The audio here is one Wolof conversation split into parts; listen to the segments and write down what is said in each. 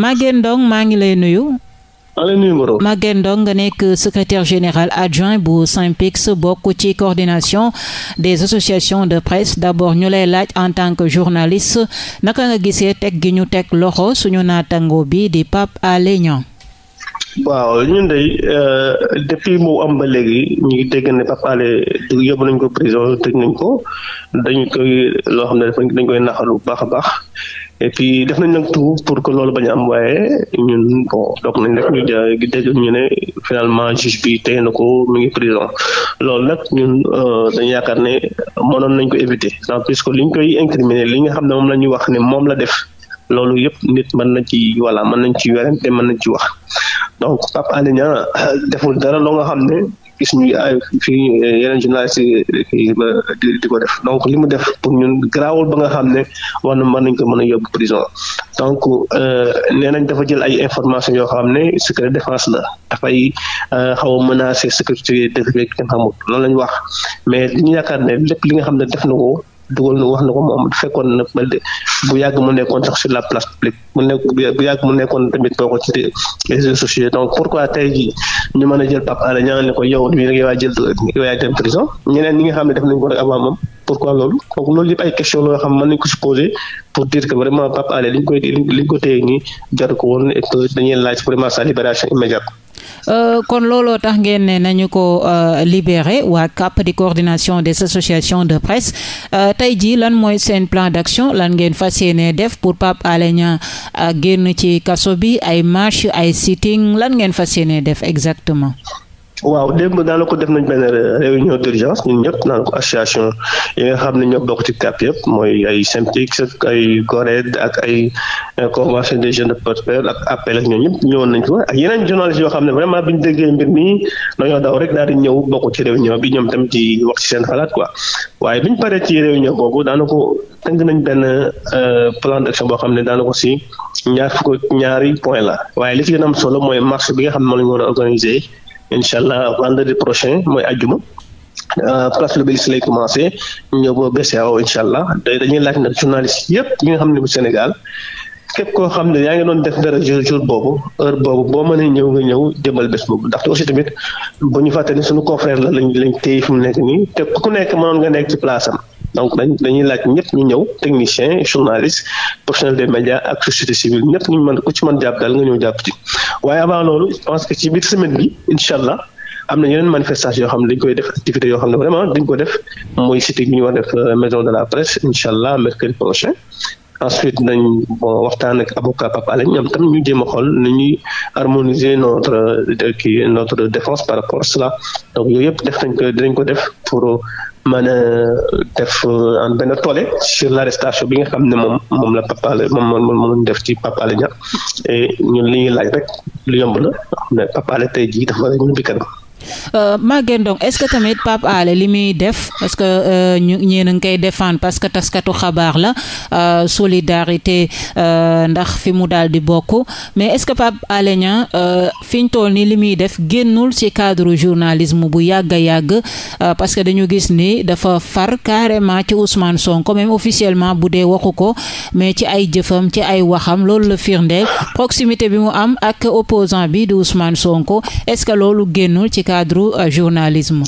Maguette Ndong maa ngi lay nuyu. Maguette nga nekk secrétaire général adjoint bu SYNPICS bokk ci coordination des associations de presse d'abord ñu lay laaj en tant que journaliste naka nga gisee ñu teg loxo suñu naatango bi di Pape Alé Niang waaw ñun de euh, mu am ba léegi ñu ngi ne Pape Alé yóbbu nañ ko prison tëj nañ ko dañ koy loo xam dañ koy naxal baax a baax et puis def nañ nag tout pour que loolu bañ am waaye ñun bon donc nañ rek ne finalement juge bi téye na ko mu ngi prison loolu nag ñun euh, dañ yaakaar ne mënoon nañ ko éviter en plus liñ koy incriminer li nga xam ne moom la ñuy wax ne moom la def loolu yëpp nit man na ci voilà man nañ ci werante man nañ ci wax donc Pape Alé deful dara loo nga xam ne gis ñu fii yeneen journaliste yi di di ko def donc li mu def pour ñun garaawul ba nga xam ne war na man nañ ko mën a yóbbu prison donc euh, nee nañ dafa jël ay information yoo xam ne secret défense la dafay euh, xaw a menacer sécurité dëkk bi kenn xamul loolu lañ wax mais ñu yaakaar ne lépp li nga xam ne def na dugal na wax na ko mu fekkoon na Baldé bu yàgg mu nekkoon sax sur la place publique mu nekkoon tamit boo ko ci réseaux sociaux donc pourquoi tey jii ñu a jël Pape Alé Niang ne ko yow mii da ngay waay jël waay prison ñeneen ñi nga xam ne def nañ ko rek avant moom pourquoi loolu donc loolu yëpp ay question loo xam mën nañ ko si pour dire que vraiment Pape Alé li ñu koy li ñu ko woon et que laaj vraiment sa libération immédiate Euh, kon looloo tax ngeen ne nañu ko euh, libéré waa CAP di coordination des associations de presse euh, tey jii lan mooy seen plan d'action lan ngeen fas yéene def pour Pape Alé a génn ci kaso bi ay marche ay sitting lan ngeen fas yéene def exactement waaw démb daanaka def nañ benn réunion d'urgence ñun ñëpp naan ko association yi nga xam ne ñoo bokk ci CAP yëpp mooy ay SYNPICS ak ay CORED ak ay euh, convention des jeunes de porteur ak appel ak ñooñu ñëpp ñëwoon nañ ko ak yeneen journalistes yoo xam ne vraiment bi ñu déggee mbir mi dañoo daw rek daal di ñëw bokk ci réunion bi ñoom tamit di wax ci seen xalaat quoi waaye bi ñu paree ci réunion boobu daanaka tënk nañ benn euh, plan d'action boo xam ne daanaka si ñaar fukk ñaari point la waaye li ci am solo mooy marché bi nga xam ne moom la ñu war a organiser incha allah vendredi prochain mooy àjjuma euh, place Lobelis lay commencé ñëw ba BCAO incha allah dañuy laaj nag journaliste yëpp ñi nga xam ne bu Sénégal. képp koo xam ne yaa ngi doon def dara jour jour boobu heure boobu boo mënee ñëw nga ñëw jëmal bés boobu ndaxte aussi tamit bu ñu fàtte ni suñu confrère la lañ lañ téye fi mu nekk nii te ku nekk mënoon nga nekk ci place am donc dañ dañuy laaj ñëpp ñu ñëw technicien journaliste professionnel des média ak société civile ñëpp ñu mën ku ci mën jàpp daal nga ñëw jàpp ci waaye avant loolu je pense que ci biir semaine bi incha allah am na yeneen manifestation xam ne dañ koy def activité yoo xam ne vraiment dañ ko def mooy cité bi ñu war def euh, maison de la presse incha allah mercredi prochain ensuite nañ bo waxtaan ak avocat Pape Alé ñoom tam ñu jéem a xool na ñuy harmoniser notre euh, kii notre défense par rapport à cela donc yooyu yëpp def nañ ko dinañ ko def pour mën a def en euh, benn tollé sur l'arrestation bi nga xam ne moom moom la Pape Alé moom moom moom def ci Pape Alé Niang et ñun li ñuy laaj rek lu yomb la xam ne Pape Alé tey jii dafa rek ñu bi kanam Euh, Maguette Ndong est-ce que tamit Pape ale li muy def parce que euh, ñu ñeen a ngi koy défendre parce que taskatu xabaar la euh, solidarité ndax fi mu daal di bokk mais est-ce que Pape Alé Niang fi ñu toll ni li muy def génnul ci cadre journalisme bu yàgg a yàgg parce que dañu gis ni dafa far carrément ci Ousmane Sonko même officiellement bu dee waxu ko mais ci ay jëfam ci ay waxam loolu la firndeel proximité bi mu am ak opposant bi di Ousmane Sonko est-ce loolu génnul ci cadre euh, journalisme.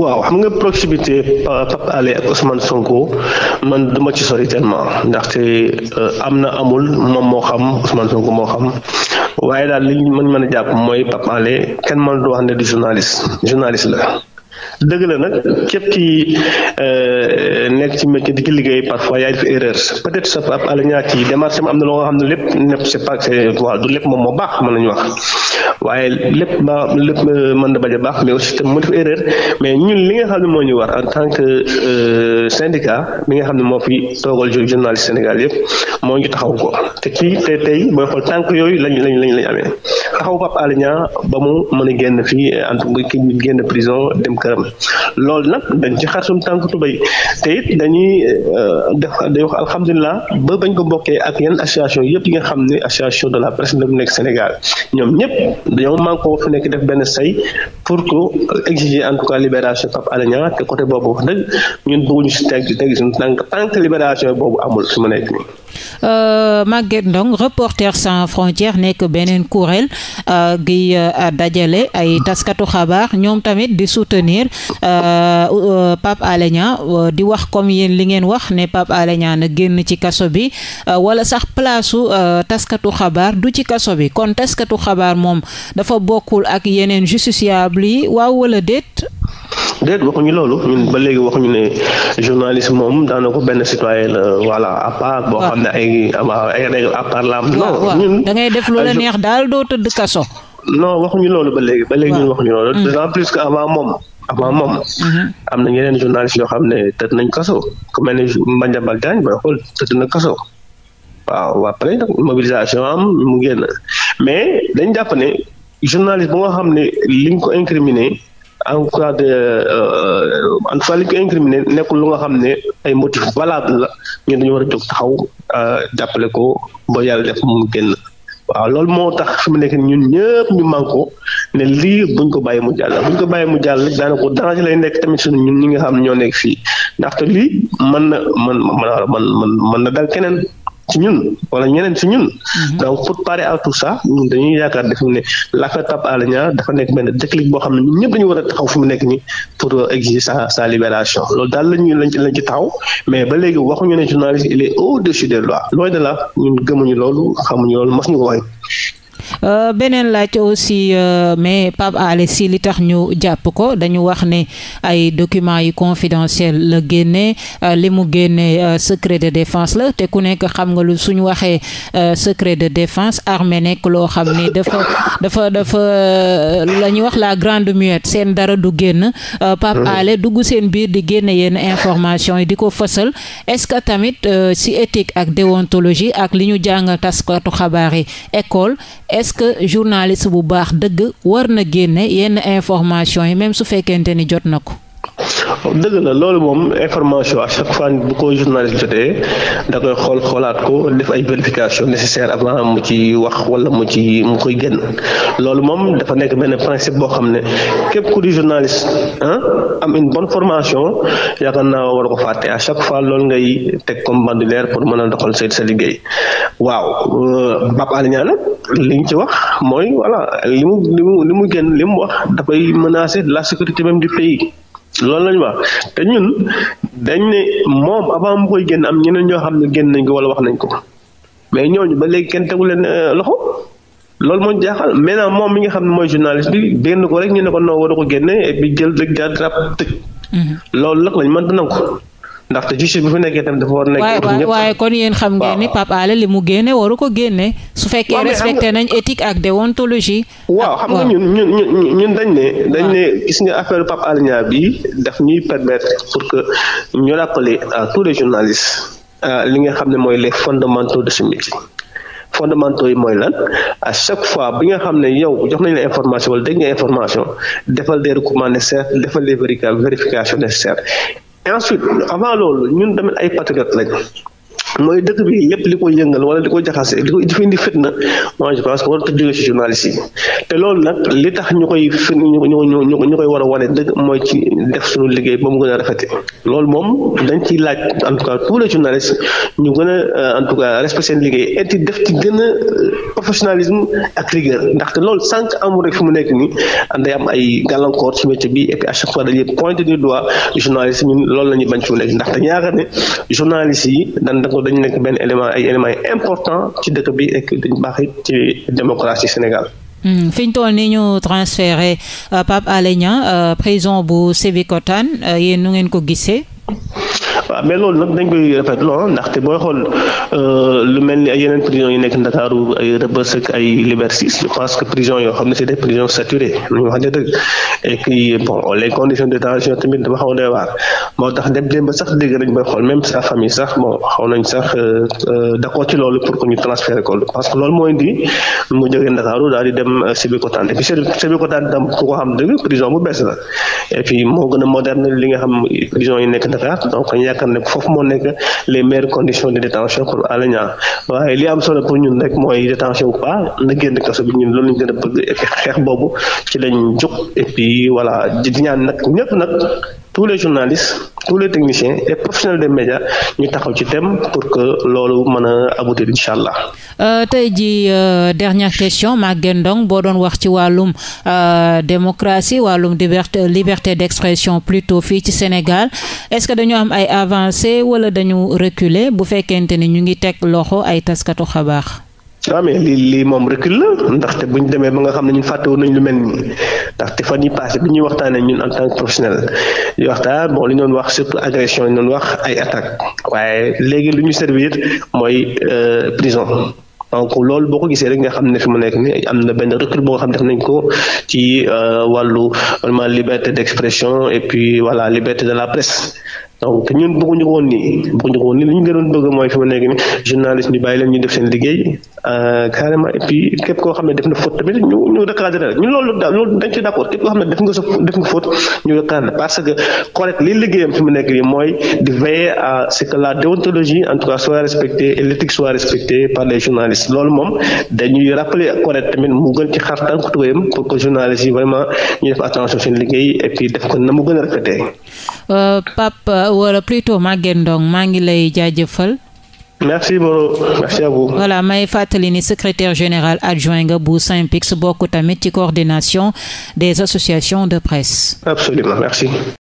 waaw xam nga proximité euh, Pape Alé ak Ousmane Sonko man duma ci sori tellement ndaxte euh, am na amul moom moo xam usman Sonko moo xam waaye daal li man mën a jàpp mooy Pape Alé kenn mën du wax ne du journaliste journaliste la dëgg la nag képp ki nekk ci métier di ci liggéey parfois yaay def erreur peut-être sa Pape Alé ñaar ci démarche am na loo xam ne lépp nepp c'est pas que waa du lépp moom moo baax mën nañu wax waaye lépp ba lépp euh, mën na bañ baax mais aussi tam mu def erreur mais ñun li nga xam ne moo ñu war en tant que euh, syndicat mi nga xam ne moo fi toogal journaliste Sénégal yëpp moo ñu taxaw ko te kii tey tey booy xool tànk yooyu lañ lañ lañ lañ amee taxaw Pape Alé ba mu mën a génn fii en tout cas ki génn prison dem këram loolu nag dañ ci xar suñu tànk tubéy te it dañuy euh, def day wax alhamdulilah ba bañ ko mbokkee ak yenn association yëpp yi nga xam ne association de la presse la nekk Sénégal ñoom ñëpp dañoo manko fu nekk def benn say pour que exiger en tout cas libération Pape Alé Niang te côté boobu wax dëgg ñun bëgguñu si teg libération boobu amul su ma nekk nii. donc euh, Ndong Reporters sans frontières nekk beneen kuréel euh, gi a euh, dajale ay taskatu xabaar ñoom tamit di soutenir Pape Alé Niang di wax comme li ngeen wax ne Pape Alé Niang génn ci kaso bi wala sax placeu taskatu xabaar du ci kaso bi kon taskatu xabaar moom dafa bokkul ak yeneen justiciable yi waaw wala déet. déet waxuñu loolu ñun ba léegi waxuñu ne journaliste moom daanaka benn citoyen la voilà à part boo xam ne ay ay règle à part la am non ñun da def lu la neex daal doo tëdd kaso. no waxuñu loolu ba léegi ba léegi ñun waxuñu loolu mm. d'autant plus que avant moom avant moom mm-hmm. am na ñeneen journaliste yoo xam ne tëdd nañ kaso ku mel ni Madiambal Diagne ba xool tëdd na kaso waaw après mobilisation am mu génn mais dañ jàpp ne journaliste ba nga xam ne liñ ko incriminé en cas de euh, en tout cas ko incriminé nekkul lu nga xam ne ay motif valable la ñun dañu war a jóg taxaw euh, jàppale ko ba yàlla def mu génn waaw loolu moo tax fi mu nekk ñun ñëpp ñu mànkoo ne lii buñ ko bàyyi mu jàll buñ ko bàyyi mu jàll daana ko danger lay nekk tamit suñu ñun ñi nga xam ne ñoo nekk fii ndaxte lii mën na mën mën mën mën na dal keneen ci ñun wala ñeneen ci ñun. donc pour parer à tout ça ñun dañuy yaakaar def ne l'affaire Pape Alé Niang dafa nekk benn déclic boo xam ne ñun ñëpp dañu war a taxaw fu mu nekk nii pour exiger sa sa libération loolu daal la ñuy lañ ci taxaw mais ba léegi waxuñu ne journaliste il est au-dessus des lois loin de là ñun gëmuñu loolu xamuñu loolu mos ko waxee. Euh, beneen laaj aussi euh, mais Pape Alé si li tax ñu jàpp ko dañu wax ne ay documents yu confidentiel la génne euh, li mu génne secret de défense la te ku nekk xam nga lu suñu waxee secret de défense armée nekk loo xam ne dafa dafa dafa la ñuy wax la grande muette seen dara du génn Pape mm-hmm. Alé dugg seen biir di génne yenn information yi di ko fësal est-ce que tamit si étique ak déontologie ak li ñu jàng taskatu xabaar yi école que journaliste bu baax dëgg war na génne yenn information yi même su fekkente ni jot na ko dëgg la loolu moom information à chaque fois bu ko journaliste jotee da koy xool xoolaat ko def ay vérification nécessaire avant mu ci wax wala mu ci mu koy génn loolu moom dafa nekk benn principe boo xam ne képp ku di am une bonne formation yaakaar naa war ko fàtte à chaque fois loolu ngay teg comme bandulaire pour mën a doxal sa sa liggéey waaw euh, Pape Alé Niang nag liñ ci wax mooy voilà li mu li li mu génn li mu wax dafay menacer la sécurité même du pays loolu lañu wax te ñun dañ ne moom avant mu koy génn am ñeneen ñoo xam ne génn nañ ko wala wax nañ ko mais ñooñu ba léegi kenn tegu leen euh, loxo loolu moo jaaxal maintenant moom mi nga xam ne mooy journaliste bi génn ko rek ñu ne ko noo war ko génne et bi jël rek jaar drap tëj mhm. loolu nag lañ mënta nangu ndaxte justice bu fi nekkee tamit dafa war a nekk. waaye waaye kon yéen xam ngeen ni Pape li mu génne waru ko génne. su fekkee respecté nañ étique ak déontologie. waaw xam nga ñun ñun ñun ñun dañ ne. dañ ne gis nga affaire Pape Alé Niang bi daf ñuy permettre pour que ñu rappeler à tous les journalistes li nga xam ne mooy les fondamentaux de ce métier. fondamentaux yi mooy lan à chaque fois bi nga xam ne yow jox nañ la information wala dégg nga information defal des recommandations defal les vérifications nécessaires ensuite avant loolu ñun tamit ay patriotes lañ mooy dëkk bi lépp li ko yëngal wala li ko jaxase li ko fi indi fitna moi je pense que warut a jóge ci journaliste yi te loolu nag li tax ñu koy fi ñu ñu ñu koy war a wane dëgg mooy ci def suñu liggéey ba mu gën a loolu moom dañ ciy laaj en tout cas tous les journalistes ñu gën a euh, en tout cas respecté seen liggéey et def ci gën a euh, professionnalisme ak rigueur ndaxte loolu sànq amul rek fi mu nekk nii day am ay gàllankoor ci métier bi et puis à chaque fois dañuy pointer du doigt journaliste ñun loolu la ñuy bañ fi mu nekk ndaxte ñaaka ne journaliste yi dañ ko dañu nekk benn élément ay éléments yi important ci dëkk bi et dañu baax it ci démocratie Sénégal. Hmm, fi ñu toll nii ñu transféré euh, Pape Alé euh, prison bu Sébikotane euh, yéen ngeen ko gisee. waaw mais loolu nag dañ koy rafetlu ah, ndaxte booy xool euh, lu mel ni ay yeneen prison yu nekk Ndakaaru ay Rebeuss ak ay Liberté 6 yoo xam ne c'est des prisons saturées ñu wax ne dëgg et puis tamit xaw a doy moo tax dem dem ba sax dégg nañ booy xool même sa famille sax bon xaw nañ sax euh, euh, d'accord loolu pour que ñu transférer ko parce que loolu moo indi mu jógee Ndakaaru daal di dem Sébikotane et puis Sébikotane tam ku ko xam dëgg prison bu bees la et moo gën a moderne li nga xam prison yi nekk Ndakaar donc yaakaar ne foofu moo nekk les meilleures conditions de détention pour Alé Niang waaye li am solo pour ñun rek mooy détention ou pas na génn kaso bi ñun loolu lañ gën a bëgg xeex boobu ci lañ jóg et puis voilà di ñaan nag ñëpp nag. tous les journalistes tous les techniciens et professionnels des médias ñu taxaw ci thème pour que loolu mën a aboutir incha allah. Euh, tey jii euh, dernière question Maguette Ndong boo doon wax ci wàllum euh, démocratie wàllum liberté liberté d'expression plutôt fii ci Sénégal est-ce que dañu am ay avancées wala dañu reculer bu fekkente ni ñu ngi teg loxo ay taskatu xabaar. waaw mais lii moom recul la ndaxte bu ñu demee ba nga xam ne ñun fàttewu nañ lu mel nii ndaxte fan yi passé bi ñuy waxtaanee ñun en tant que professionnel di waxtaan bon li ñu doon wax surtout agression ñu doon wax ay attaque waaye léegi lu ñu servir mooy euh, prison donc loolu boo ko gisee rek nga xam ne fi mu nekk nii am na benn recul boo xam ne def nañ ko ci euh, wàllu vraiment liberté d'expression et puis voilà liberté de la presse donc ñun bëgguñu ko woon nii bëgguñu ko woon nii li ñu gënoon bëgg mooy fi ma nekk ni journaliste ñu bàyyi leen ñu def seen liggéey euh, et koo xam ne def na faute tamit ñu ñu recadré rek ñun loolu da que correct li mu nekk nii mooy la déontologie en tout cas soit respectée et moom dañuy tamit mu gën ci xar tànk tubéyam pour que journalistes yi def attention ko na mu gën a rafetee euh, Pape euh, wala plutôt Maguette Ndong maa ngi lay jaajëfal. merci beaucoup merci à vous. voilà may fàttali ni secrétaire général adjoint nga bu SYNPICS bokk tamit ci coordination des associations de presse. absolument merci.